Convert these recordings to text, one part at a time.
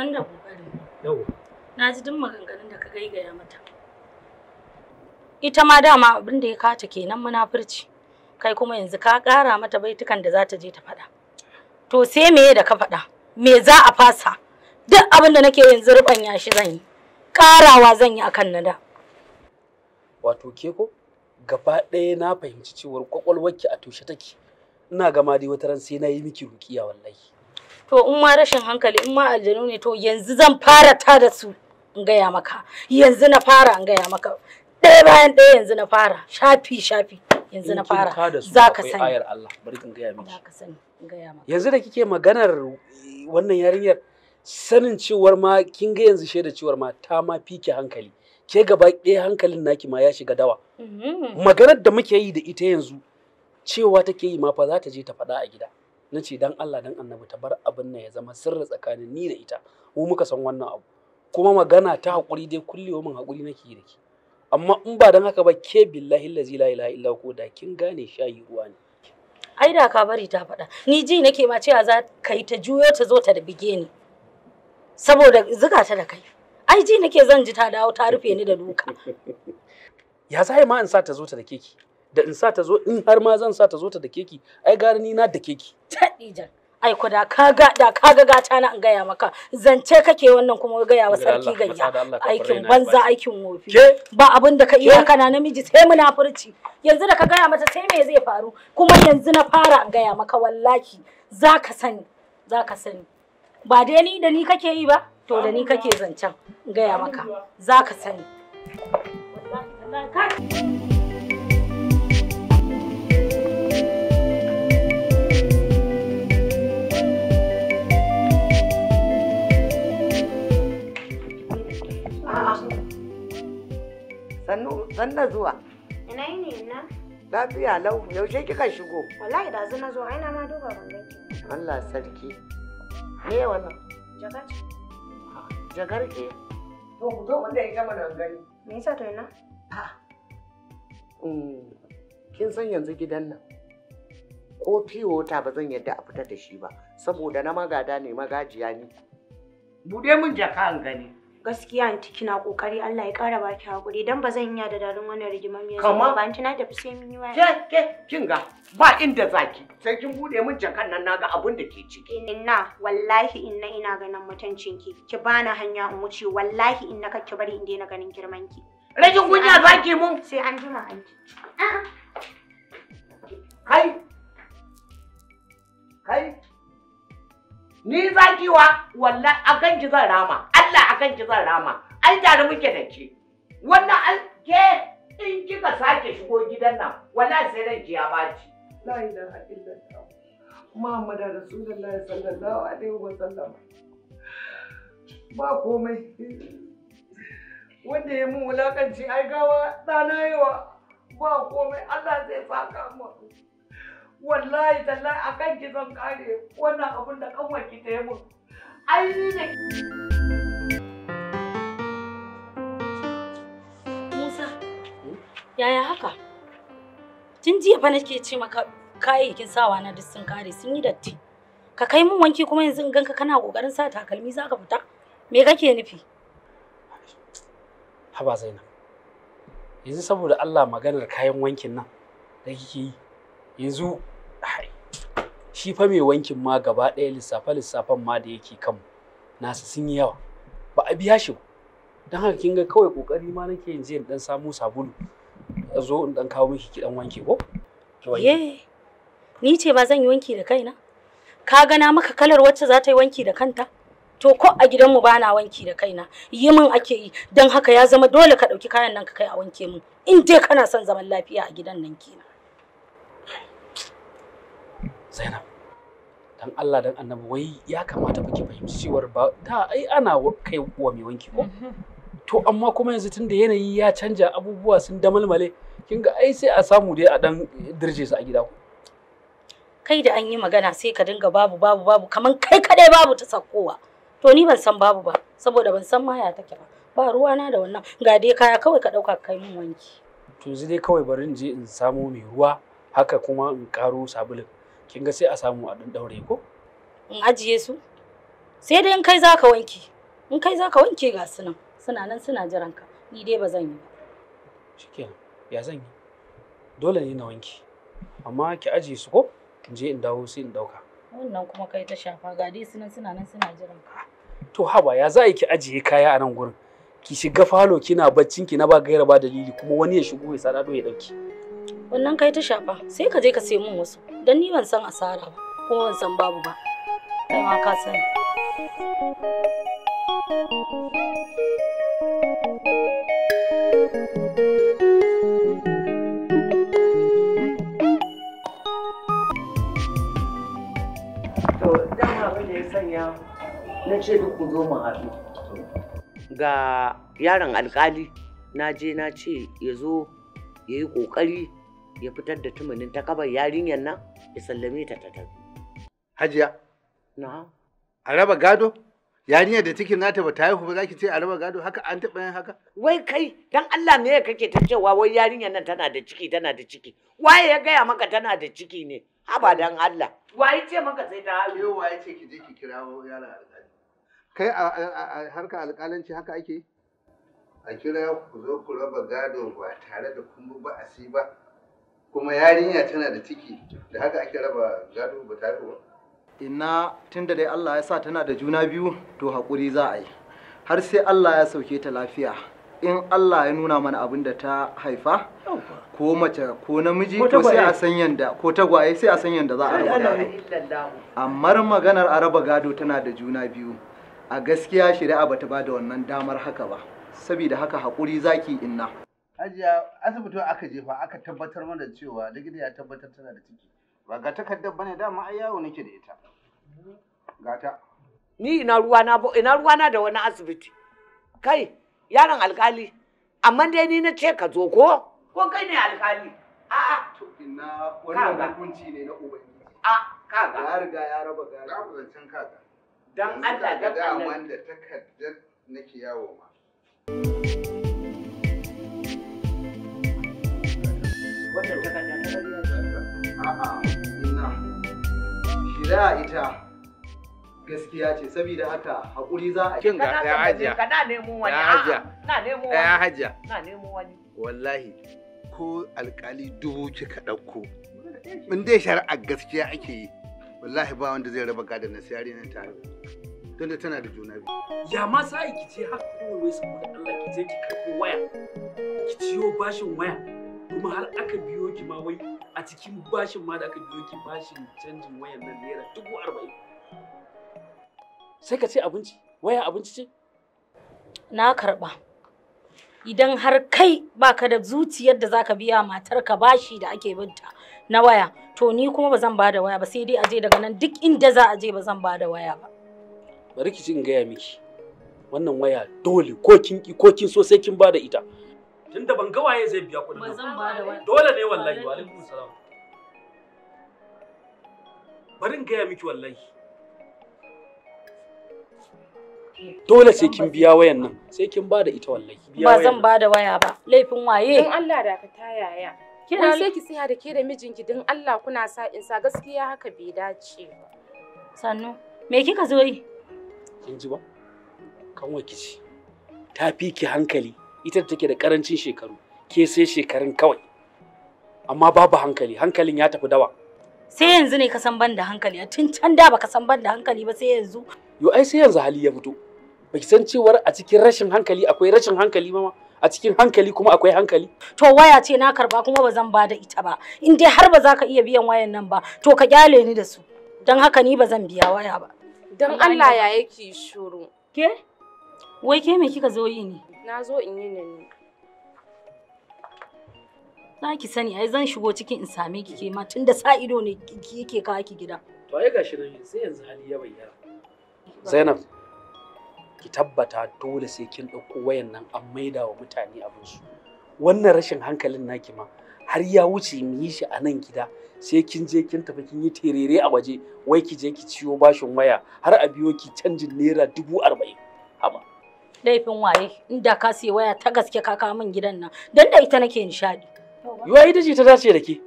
san da ƙoƙarin. Yau. Na ji duk maganganun da ka gaigaya mata. Ita ma dama abin da ya kata kenan munafurci. Kai kuma yanzu ka ƙara mata baitukan da za ta je ta faɗa. To sai meye da ka faɗa? Me za a fasa? Duk abin da nake yanzu ruɓanya shi zan yi. Ƙarawa zan yi akan na da. Wato ke ko? Gaba ɗaya na fahimci cewar kwakwalwarki a tushe take. Ina gama dai wata ran sai na yi miki rukiya wallahi. to in ma rashin hankali in ma aljanu ne to yanzu zan fara ta da su in gaya maka yanzu na fara in gaya maka ɗaya bayan ɗaya yanzu na fara shafi shafi yanzu na fara za ka sani ayar Allah bari in gaya miki sani in maka yanzu da kike maganar eh, wannan yarinyar sanin cewar ma kin ga yanzu shaida cewar ma ta ma fike hankali ke gaba ɗaya hankalin naki ma ya shiga dawa mhm. maganar da muke yi da ita yanzu cewa take yi ma fa za ta je ta faɗa a gida na ce dan Allah dan annabi ta bar abin nan ya zama sirri tsakanin ni da ita mu muka san wannan abu kuma magana ta hakuri dai kullewa min hakuri nake da ke amma in ba dan haka ba ke billahi lazi la ilaha illa ko da kin gane shayi ruwa ne ai da ka bari ta faɗa ni ji nake ma cewa za ka yi ta juyo ta zo ta da bige ni saboda zuga ta da kai ai ji nake zan ji ta dawo ta rufe ni da duka ya sai ma in sa ta zo ta da keke. da in sa ta zo in har ma zan sa ta zo ta da keki ai gara ni na da keki tadijan ai ko da ka ga da ka ga gata na in gaya maka zance kake wannan kuma gaya wa sarki Ganya? aikin banza aikin wofi ba abin da ka iya kana namiji sai muna furci. yanzu da ka gaya mata sai me zai faru kuma yanzu na fara in gaya maka wallahi zaka sani zaka sani ba dai ni da ni kake yi ba to da ni kake zancen gaya maka zaka sani wallahi sannan zuwa ina yi ne na lafiya lau yaushe kika shigo wallahi da zina zo aina ma duba ban ganki Allah sarki me wannan jagar jagar ke to ku zo wanda ya gama nan gani me yasa to ina ha mm, kin san yanzu gidan nan ko fiwota ba zan yadda a fita da shi ba saboda na magada ne magajiya ne bude min jaka an gani gaskiya anti kina kokari Allah ya kara baki hakuri dan ba zan iya da dalin wannan rigimar yanzu Kama? ba anti na tafi sai mun yi waya ke ke kin ga ba inda zaki sai kin bude min jakan nan naga abun da ke ciki inna wallahi inna ina ganin mutuncin ki ki bani hanya in wuce wallahi inna ka ki bari in daina ganin girman ki rajin kunya zaki mun sai an jima anti kai kai ni zaki wa? wallahi a ki zan rama kan ki zan rama an tare muke da ke wannan an ke in kika sake shigo gidan nan wallahi sai ran ki ya baci la ilaha illallah Muhammadu Rasulullahi sallallahu alaihi wa sallam ba komai wanda ya mun wulakanci ai gawa ɗana yawa ba komai Allah zai saka mu wallahi tallahi akan ki zan kare wannan abin da kanwar ki ta yi mun ai ne Yaya haka? Tun jiya fa nake ce maka kayayyakin sawa na duk sun kare sun yi datti. Ka kai mun wanki kuma yanzu in ganka kana kokarin sa takalmi za ka fita? Me kake nufi? Haba Zainab. Yanzu saboda Allah maganar kayan wankin nan da kike yi. Yanzu shi fa mai wankin ma gaba ɗaya lissafe lissafen ma da yake kanmu nasu sun yi yawa ba a biya shi ba don haka kin ga kawai kokari ma nake yin in dan samu sabulu zo in dan kawo miki ki dan wanke ko ye ni ce ba zan yi wanki da kaina ka gana maka kalar wacce za ta yi wanki da kanta to ko a gidanmu ba na wanki da kaina yi min ake yi dan haka ya zama dole ka ɗauki kayan nan ka kai a wanke min in dai kana son zaman lafiya a gidan nan kenan Zainab dan Allah dan Annabi wai ya kamata ba ki fahimci cewar ba ta ai ana kai wa mai wanki ko mhm. to amma kuma yanzu tunda yanayi ya canja abubuwa sun damalmale kin ga ai sai a samu dai a dan dirje su a gida ku kai da an yi magana sai ka dinga babu babu babu kaman kai kadai babu ta sakkowa to ni ban san babu ba saboda ban san maya take ba ba ruwana da wannan ga dai kaya kawai ka dauka kai min wanki to zai dai kawai bari in je in samo mai ruwa haka kuma in karo sabulin kin ga sai a samu a dan daure ko in ajiye su sai dai in kai zaka wanki in kai zaka wanke ga su nan suna nan suna jiran ka ni dai ba zan yi ba shikenan ya zan yi dole ne na wanki amma ki aje su ko in je in dawo sai in dauka wannan kuma kai ta shafa ga dai suna suna nan suna jiran ka to haba ya za ki ajiye kaya a nan gurin ki shiga falo kina baccin ki na ba gaira ba dalili kuma wani ya shigo ya sadado ya dauki wannan kai ta shafa sai ka je ka sai mun wasu dan ni ban san asara ba kuma ban san babu ba kai ma ka sani sanya na ce zo mu haɗu. Ga yaron alkali na je na ce ya zo ya yi ƙoƙari ya fitar da tumanin ta kabar yarinyar nan ya sallame ta ta tafi. Hajiya? Na. A raba gado? yarinyar da take nata ba ta haihu ba zaki ce a raba gado haka an taɓa yin haka wai kai dan Allah me kake ta cewa wai yarinyar nan tana da ciki tana da ciki waye ya gaya maka tana da ciki ne haba dan Allah waye ce maka sai ta haihu yau waye ce ki je ki kirawo yaron alƙalin. kai a harka alƙalanci haka ake a kira ku zo ku raba gado ba tare da kun ba si ba kuma yarinya tana da ciki da haka ake raba gado ba tare ba ina tunda dai Allah ya sa tana da juna biyu to haƙuri za a yi har sai Allah ya sauke ta lafiya in Allah ya nuna mana abin da ta haifa ko mace ko namiji ko sai a san yanda ko tagwaye sai a san yanda za a raba gado amma maganar a raba gado tana da juna biyu a gaskiya shari'a bata ba da wannan damar haka ba saboda haka haƙuri zaki inna hajiya asibitin aka jefa aka tabbatar mana cewa likita ya tabbatar tana da ciki ba ga takardar bane dama ai yawo nake da ita gata ni ina ruwa na ruwana ina ruwa na da wani asibiti kai yaron alkali amma dai ni na ce ka zo ko ko kai ne alkali a a to ina wannan hukunci ne na ubangiji a kaga ya riga ya raba gari ka zancen kaga dan Allah dan Allah wanda takaddar nake yawo ma wannan takaddar a a ina shi shira ita gaskiya ce saboda haka haƙuri za a kin ga ya hajiya ka na nemo wani ya hajiya na nemo wani ya hajiya na nemo wani wallahi ko alkali dubu kika ɗauko in dai shari'a gaskiya ake yi wallahi ba wanda zai raba gadon na sayari nan tare tunda tana da juna biyu ya ma sai ki ce haka wai saboda Allah ki je ki karɓi waya ki ciyo bashin waya kuma har aka biyo ki ma wai a cikin bashin ma da aka biyo ki bashin canjin wayan nan naira dubu arba'in sai ka ce abinci waya abinci ce na karba idan har kai baka da zuciyar da zaka biya matarka bashi da ake binta na waya to ni kuma ba zan bada waya ba sai dai aje daga nan duk inda za a je ba zan bada waya ba bari ki ji in gaya miki wannan waya dole ko kin ki ko kin so sai kin bada ita tunda ban ga waye zai biya kuɗin ba zan bada waya dole ne wallahi wa alaikum salam bari in gaya miki wallahi dole sai kin biya wayan nan sai kin ba da ita wallahi ba zan ba da waya ba laifin waye dan Allah da ka tayaya kina sai ki tsaya da ke da mijinki dan Allah kuna sa in sa gaskiya haka bai dace ba sannu me kika zo yi kin ji ba kanwa kici ta fi ki hankali ita take da karancin shekaru ke sai shekarun kawai amma babu hankali hankalin ya tafi dawa sai yanzu ne ka san ban da hankali tun can da baka san ban da hankali ba sai yanzu yo ai sai yanzu hali ya fito baki san cewar a cikin rashin hankali akwai rashin hankali ma a cikin hankali kuma akwai hankali to waya ce na karba kuma ba zan ba da ita ba in dai har ba za ka iya biyan wayan nan ba to ka kyale ni da su don haka ni ba zan biya waya ba don Allah ya yake shuru ke wai ke me kika zo yi ne na zo in yi ne za ki sani ai zan shigo cikin in same ki ke ma tunda sa ido ne ki yake kawo ki gida to ai gashi nan sai yanzu hali ya bayyana Zainab ki tabbata dole sai kin ɗauko wayan nan an maida wa mutane abin su. wannan rashin hankalin naki ma har ya wuce mu yi shi a nan gida sai kin je kin tafi kin yi terere a waje wai ki je ki ciyo bashin waya har a biyo ki canjin naira dubu arba'in haba laifin waye inda ka sai waya ta gaske ka kawo min gidan nan dan da ita nake nishadi yo ai ta dace da ke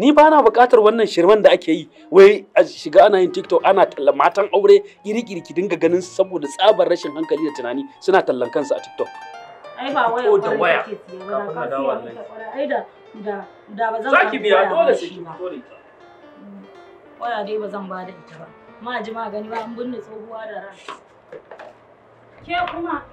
ni ba na buƙatar wannan shirman da ake yi wai a shiga ana yin tiktok ana tallan matan aure iri-iri ki dinga ganin saboda tsabar rashin hankali da tunani suna tallan kansu a tiktok ai ba waya da waya ai da da da ba zan zaki biya dole sai dole mm. waya dai ba zan ba da ita ba ma ji ma gani ba an binne tsohuwa da ran ke kuma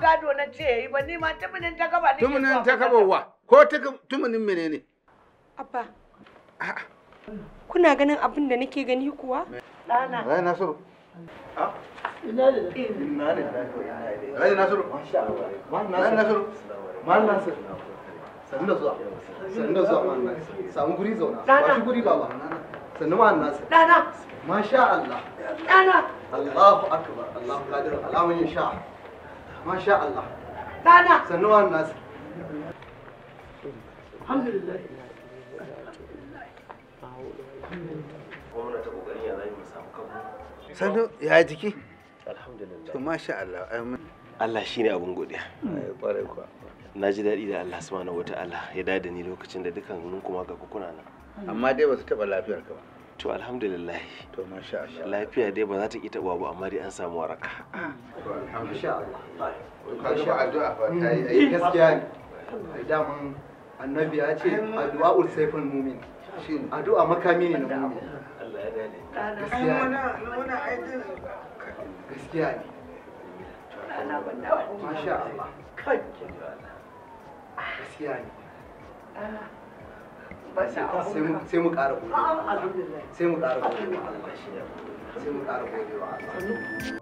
gado na ce yayi ba ni ma tumunin ta kaba ne tumunin ta kaba wa ko tumunin menene abba kuna ganin abin da nake gani kuwa dana rai nasiru ah. ina ina rai nasiru masha Allah rai nasiru mal nasiru zuwa samu guri zauna ba shi guri dana masha Allah dana Allahu akbar Allahu Masha Allah. Dana. Sannuwan nasu. Alhamdulillah. Gwamnati kokari ya zai Sannu ya jiki? Alhamdulillah. To masha Allah. Allah ne abin godiya. Mm. Na ji daɗi da Allah subhanahu Allah ya dada ni lokacin da dukkan kuma ga kukuna na. Amma dai ba su taɓa lafiyar ka ba. to alhamdulillah to masha Allah lafiya dai ba za ta ki ba amma dai an samu waraka ah. to alhamdulillah ka ga addu'a fa ai eh, gaskiya ne annabi ya ce addu'a ul mu'min shin addu'a makami ne na mu'min Allah ya dade gaskiya ne masha Allah gaskiya ne ah. Ah, sai mu ƙara gobe sai mu ƙara gode sai mu ƙara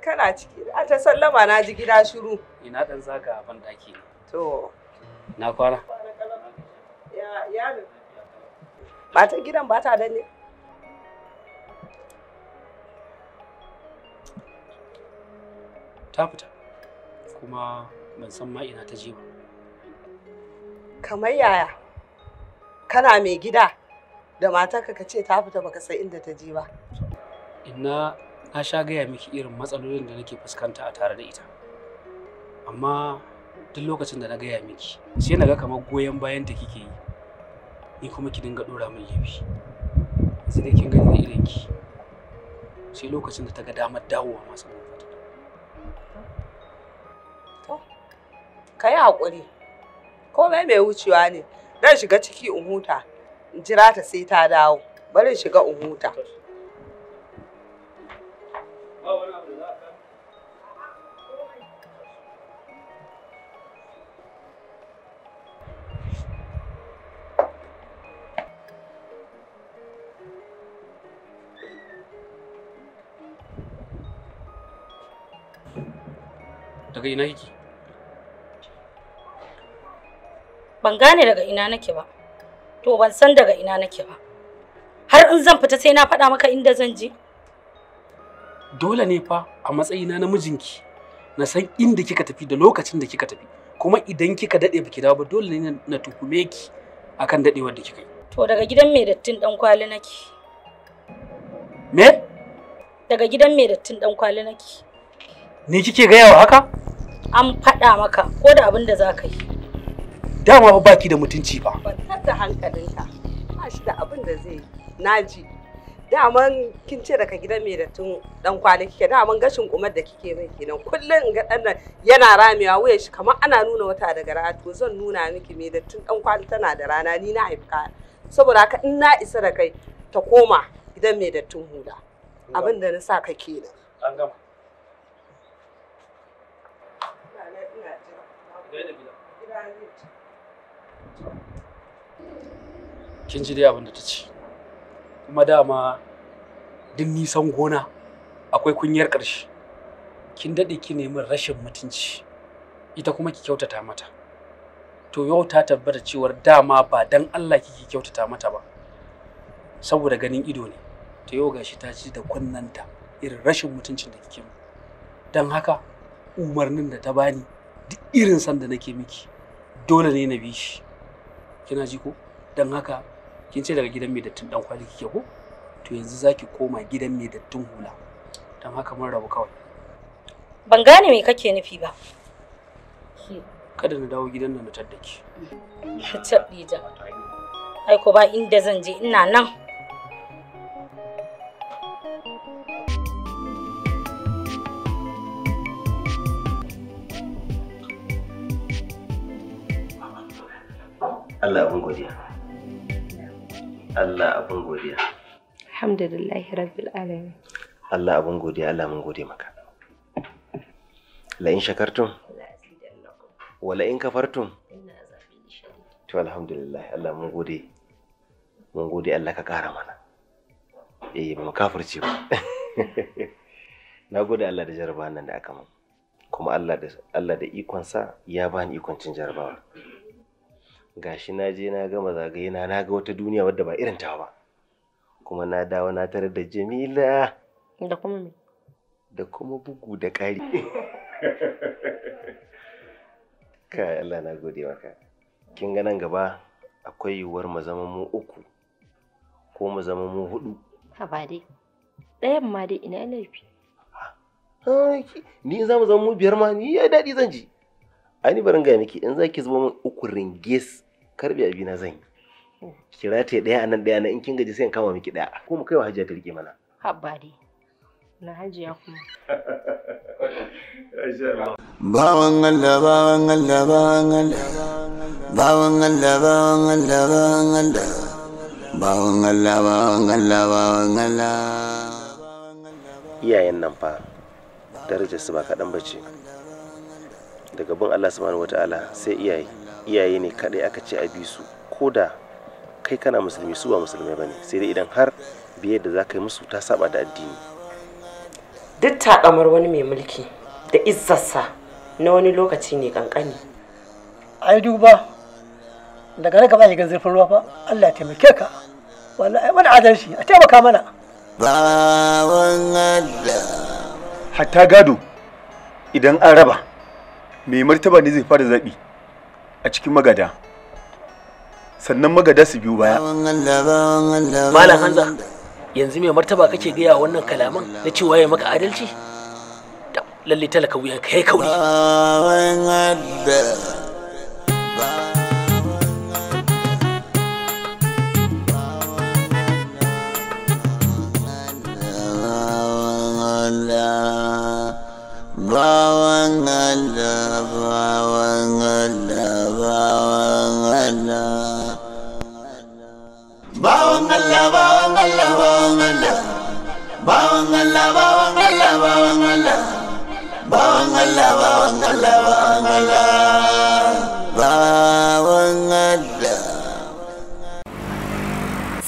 kana ciki a ta sallama na ji gida shiru ina ɗan zaga ban daki to na kwana ya gidan ba ta danne? ta fita kuma ban san ma ina ta je ba kamar yaya kana mai gida da matarka ka ce ta fita baka san inda ta je ba ina na sha gaya miki irin matsalolin da nake fuskanta a tare da ita amma duk lokacin da na gaya miki sai na ga kamar goyon bayan ta kike yi ni kuma ki dinga dora min laifi sai da kin gani da irin ki sai lokacin da ta ga damar dawowa a saboda ta to ka yi haƙuri komai mai wucewa ne zan shiga ciki in huta in jira ta sai ta dawo bari shiga in huta daga ina kike ban gane daga ina nake ba to ban san daga ina nake ba har in zan fita sai na faɗa maka inda zan je dole ne fa a matsayina na mijinki na san inda kika tafi da lokacin da kika tafi kuma idan kika daɗe baki dawo ba dole ne na tukume ki akan daɗewar da kika yi to daga gidan mai dattin dan kwali nake me daga gidan mai dattin dan kwali nake ni kike gaya wa haka an faɗa maka ko da abin da za ka yi. Dama ba baki da mutunci ba. Kwantar da hankalinka ba shi da abin da zai naji. Daman kin ce daga gidan mai dattin dan kwali kike daman gashin kumar da kike mai kenan kullum in ga dan nan yana ramewa wuya shi kamar ana nuna wata daga rana to zan nuna miki mai dattin dan kwali tana da rana ni na haifka saboda haka in na isa da kai ta koma gidan mai dattin hula abin da na sa ka kenan. An gama. kin ji dai abin da ta ce kuma dama duk nisan gona akwai kunyar ƙarshe kin daɗe ki min rashin mutunci ita kuma ki kyautata mata to yau ta tabbata cewar dama ba dan Allah kike kyautata mata ba saboda ganin ido ne to yau gashi ta ci da kunnanta irin rashin mutuncin da kike don haka umarnin da ta bani duk irin san da nake miki dole ne na bi shi kina ji ko dan haka kin ce daga gidan mai dattin dan kwali kike ko to yanzu zaki koma gidan mai dattin hula dan haka mun rabu kawai ban gane me kake nufi ba kada na dawo gidan nan na taddaki da ai ko ba inda zan je ina nan Allah abin godiya. Allah abin godiya. Alhamdulillahi rabbil alamin. Allah abin godiya Allah mun gode maka. La in shakartum wala in kafartum to alhamdulillah Allah mun gode mun gode Allah ka kara mana eh ba mu kafirce ba na gode Allah da jarabawan nan da aka mun kuma Allah da Allah da ya bani ikon cin jarabawa gashi na je na gama zagaye na na ga wata duniya wadda ba irin ta ba kuma na dawo na tare da jamila da kuma me da kuma bugu da ƙari kai Allah na gode maka kin ga nan gaba akwai yiwuwar mu zama mu uku ko mu zama mu hudu ha ba dai ɗayan ma dai ina laifi ni za mu zama mu biyar ma ni ya daɗi zan ji ani barin ga miki in zaki zuba min uku ringes. karbe abina zan yi hmm. kira ta daya anan daya na in kin gaji sai in kama miki daya ko mu kaiwa hajiya ta rike mana habba dai na hajiya kuma bawan Allah bawan Allah bawan Allah bawan Allah bawan Allah bawan Allah bawan Allah bawan Allah bawan Allah iyayen nan fa darajar su ba kaɗan bace daga bin Allah subhanahu wataala sai iyaye iyaye ne kadai aka ce a bi su ko da kai kana musulmi su ba musulmai ba ne sai dai idan har biye da za ka yi musu ta saba da addini duk takamar wani mai mulki da izzarsa na wani lokaci ne kankani ai duba daga nan ka ba shi gan zurfin ruwa ba Allah ya taimake ka wallahi wani adalci a taimaka mana hatta gado idan an raba mai martaba ne zai fara zabi a cikin magada sannan magada su biyu baya malam hanza yanzu mai martaba kake gaya wannan kalaman na cewa ya maka adalci lalle talaka wuyan kai kauri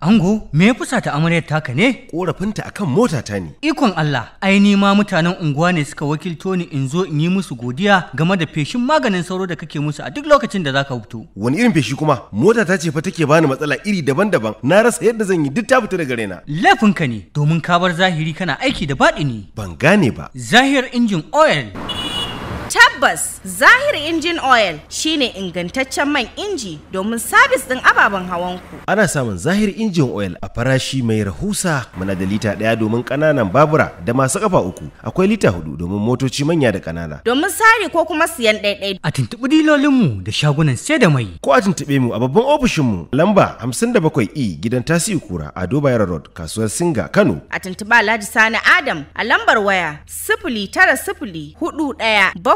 Ango, me ya fusata amaryar taka ne? Korafinta a kan motata ne. Ikon Allah, ai ni ma mutanen unguwa ne suka wakilto ni in zo in yi musu godiya game da feshin maganin sauro da kake musu a duk lokacin da zaka fito. Wani irin feshi kuma? Motata ce fa take bani matsala iri daban-daban. Na rasa yadda zan yi duk ta fito daga raina. Laifinka ne, domin ka bar zahiri kana aiki da baɗi ne. Ban gane ba. Zahir injin oil. Tabbas Zahir Injin Oil shine ingantaccen man inji domin sabis ɗin ababen hawanku. Ana samun Zahir Injin Oil a farashi mai rahusa muna da lita ɗaya domin ƙananan babura da masu ƙafa uku akwai lita hudu domin motoci manya da ƙanana. Domin sari ko kuma siyan ɗaiɗai. A tuntuɓi dilolinmu da shagunan sai da mai. Ko a tuntuɓe mu a babban ofishinmu lamba hamsin da bakwai e gidan Tasiu Kura a Doba Yara Road kasuwar Singa Kano. A tuntuɓa Alhaji Sani Adam a lambar waya sifili tara sifili hudu ɗaya